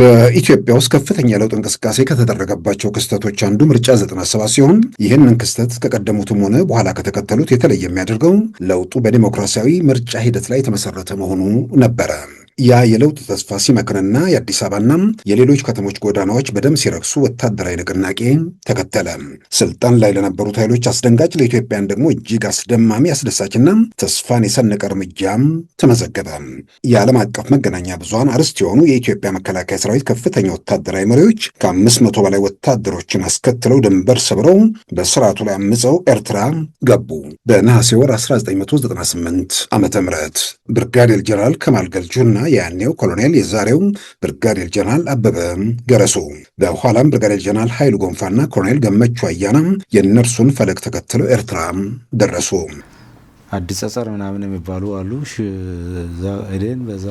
በኢትዮጵያ ውስጥ ከፍተኛ ለውጥ እንቅስቃሴ ከተደረገባቸው ክስተቶች አንዱ ምርጫ 97 ሲሆን ይህንን ክስተት ከቀደሙትም ሆነ በኋላ ከተከተሉት የተለየ የሚያደርገው ለውጡ በዲሞክራሲያዊ ምርጫ ሂደት ላይ የተመሰረተ መሆኑ ነበረ። ያ የለውጥ ተስፋ ሲመክንና የአዲስ አበባና የሌሎች ከተሞች ጎዳናዎች በደም ሲረግሱ ወታደራዊ ንቅናቄ ተከተለ። ስልጣን ላይ ለነበሩት ኃይሎች አስደንጋጭ፣ ለኢትዮጵያን ደግሞ እጅግ አስደማሚ፣ አስደሳችና ተስፋን የሰነቀ እርምጃም ተመዘገበ። የዓለም አቀፍ መገናኛ ብዙሃን አርዕስት የሆኑ የኢትዮጵያ መከላከያ ሰራዊት ከፍተኛ ወታደራዊ መሪዎች ከአምስት መቶ በላይ ወታደሮችን አስከትለው ድንበር ሰብረው በስርዓቱ ላይ አምፀው ኤርትራ ገቡ። በነሐሴ ወር 1998 ዓ ም ብርጋዴር ጀነራል ከማል የያኔው ኮሎኔል የዛሬው ብርጋዴር ጀነራል አበበ ገረሱ በኋላም ብርጋዴር ጀነራል ኃይሉ ጎንፋና ኮሎኔል ገመቹ አያና የእነርሱን ፈለግ ተከትለው ኤርትራ ደረሱ። አዲስ ጸጸር ምናምን የሚባሉ አሉ። ሄደን በዛ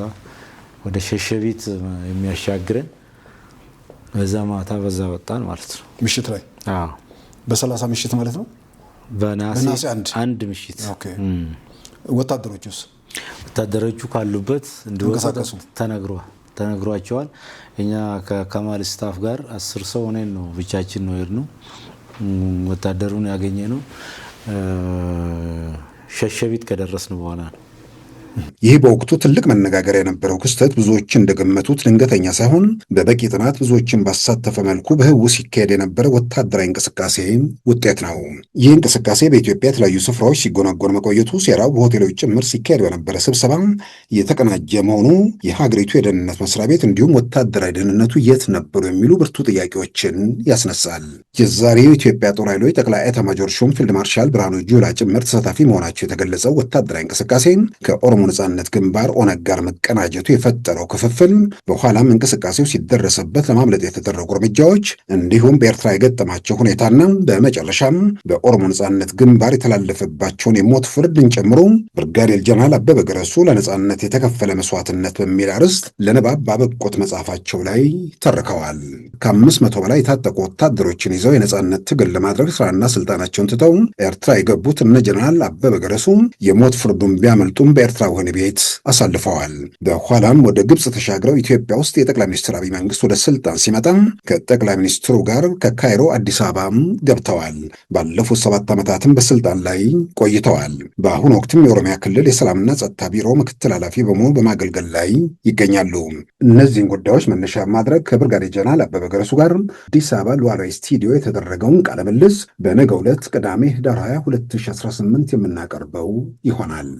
ወደ ሸሸቢት የሚያሻግረን በዛ ማታ በዛ ወጣን ማለት ነው። ምሽት ላይ በሰላሳ ምሽት ማለት ነው። በነሐሴ አንድ ምሽት ወታደሮች ውስጥ ወታደሮቹ ካሉበት እንዲወጡ ተነግሯል ተነግሯቸዋል። እኛ ከከማል ስታፍ ጋር አስር ሰው ሆነን ነው ብቻችን ነው ሄድ ወታደሩን ያገኘ ነው ሸሸቢት ከደረስን በኋላ ነው። ይህ በወቅቱ ትልቅ መነጋገር የነበረው ክስተት ብዙዎች እንደገመቱት ድንገተኛ ሳይሆን በበቂ ጥናት ብዙዎችን ባሳተፈ መልኩ በህው ሲካሄድ የነበረ ወታደራዊ እንቅስቃሴ ውጤት ነው። ይህ እንቅስቃሴ በኢትዮጵያ የተለያዩ ስፍራዎች ሲጎናጎን መቆየቱ፣ ሴራው በሆቴሎች ጭምር ሲካሄድ በነበረ ስብሰባ የተቀናጀ መሆኑ፣ የሀገሪቱ የደህንነት መስሪያ ቤት እንዲሁም ወታደራዊ ደህንነቱ የት ነበሩ የሚሉ ብርቱ ጥያቄዎችን ያስነሳል። የዛሬው ኢትዮጵያ ጦር ኃይሎች ጠቅላይ ኤታማዦር ሹም ፊልድ ማርሻል ብርሃኑ ጁላ ጭምር ተሳታፊ መሆናቸው የተገለጸው ወታደራዊ እንቅስቃሴ ከኦሮሞ ነጻነት ግንባር ኦነግ ጋር መቀናጀቱ የፈጠረው ክፍፍል፣ በኋላም እንቅስቃሴው ሲደረሰበት ለማምለጥ የተደረጉ እርምጃዎች፣ እንዲሁም በኤርትራ የገጠማቸው ሁኔታና በመጨረሻም በኦሮሞ ነጻነት ግንባር የተላለፈባቸውን የሞት ፍርድን ጨምሮ ብርጋዴር ጀነራል አበበ ገረሱ ለነጻነት የተከፈለ መስዋዕትነት በሚል አርዕስት ለንባብ ባበቆት መጽሐፋቸው ላይ ተርከዋል። ከአምስት መቶ በላይ የታጠቁ ወታደሮችን ይዘው የነጻነት ትግል ለማድረግ ስራና ስልጣናቸውን ትተው ኤርትራ የገቡት እነ ጀነራል አበበ ገረሱ የሞት ፍርዱን ቢያመልጡም በኤርትራ በሆነ ቤት አሳልፈዋል። በኋላም ወደ ግብፅ ተሻግረው ኢትዮጵያ ውስጥ የጠቅላይ ሚኒስትር አብይ መንግስት ወደ ስልጣን ሲመጣ ከጠቅላይ ሚኒስትሩ ጋር ከካይሮ አዲስ አበባም ገብተዋል። ባለፉት ሰባት ዓመታትም በስልጣን ላይ ቆይተዋል። በአሁኑ ወቅትም የኦሮሚያ ክልል የሰላምና ጸጥታ ቢሮ ምክትል ኃላፊ በመሆን በማገልገል ላይ ይገኛሉ። እነዚህን ጉዳዮች መነሻ ማድረግ ከብርጋዴ ጀነራል አበበ ገረሱ ጋር አዲስ አበባ ሉዓላዊ ስቱዲዮ የተደረገውን ቃለ ምልልስ በነገው ዕለት ቅዳሜ ህዳር 22 2018 የምናቀርበው ይሆናል።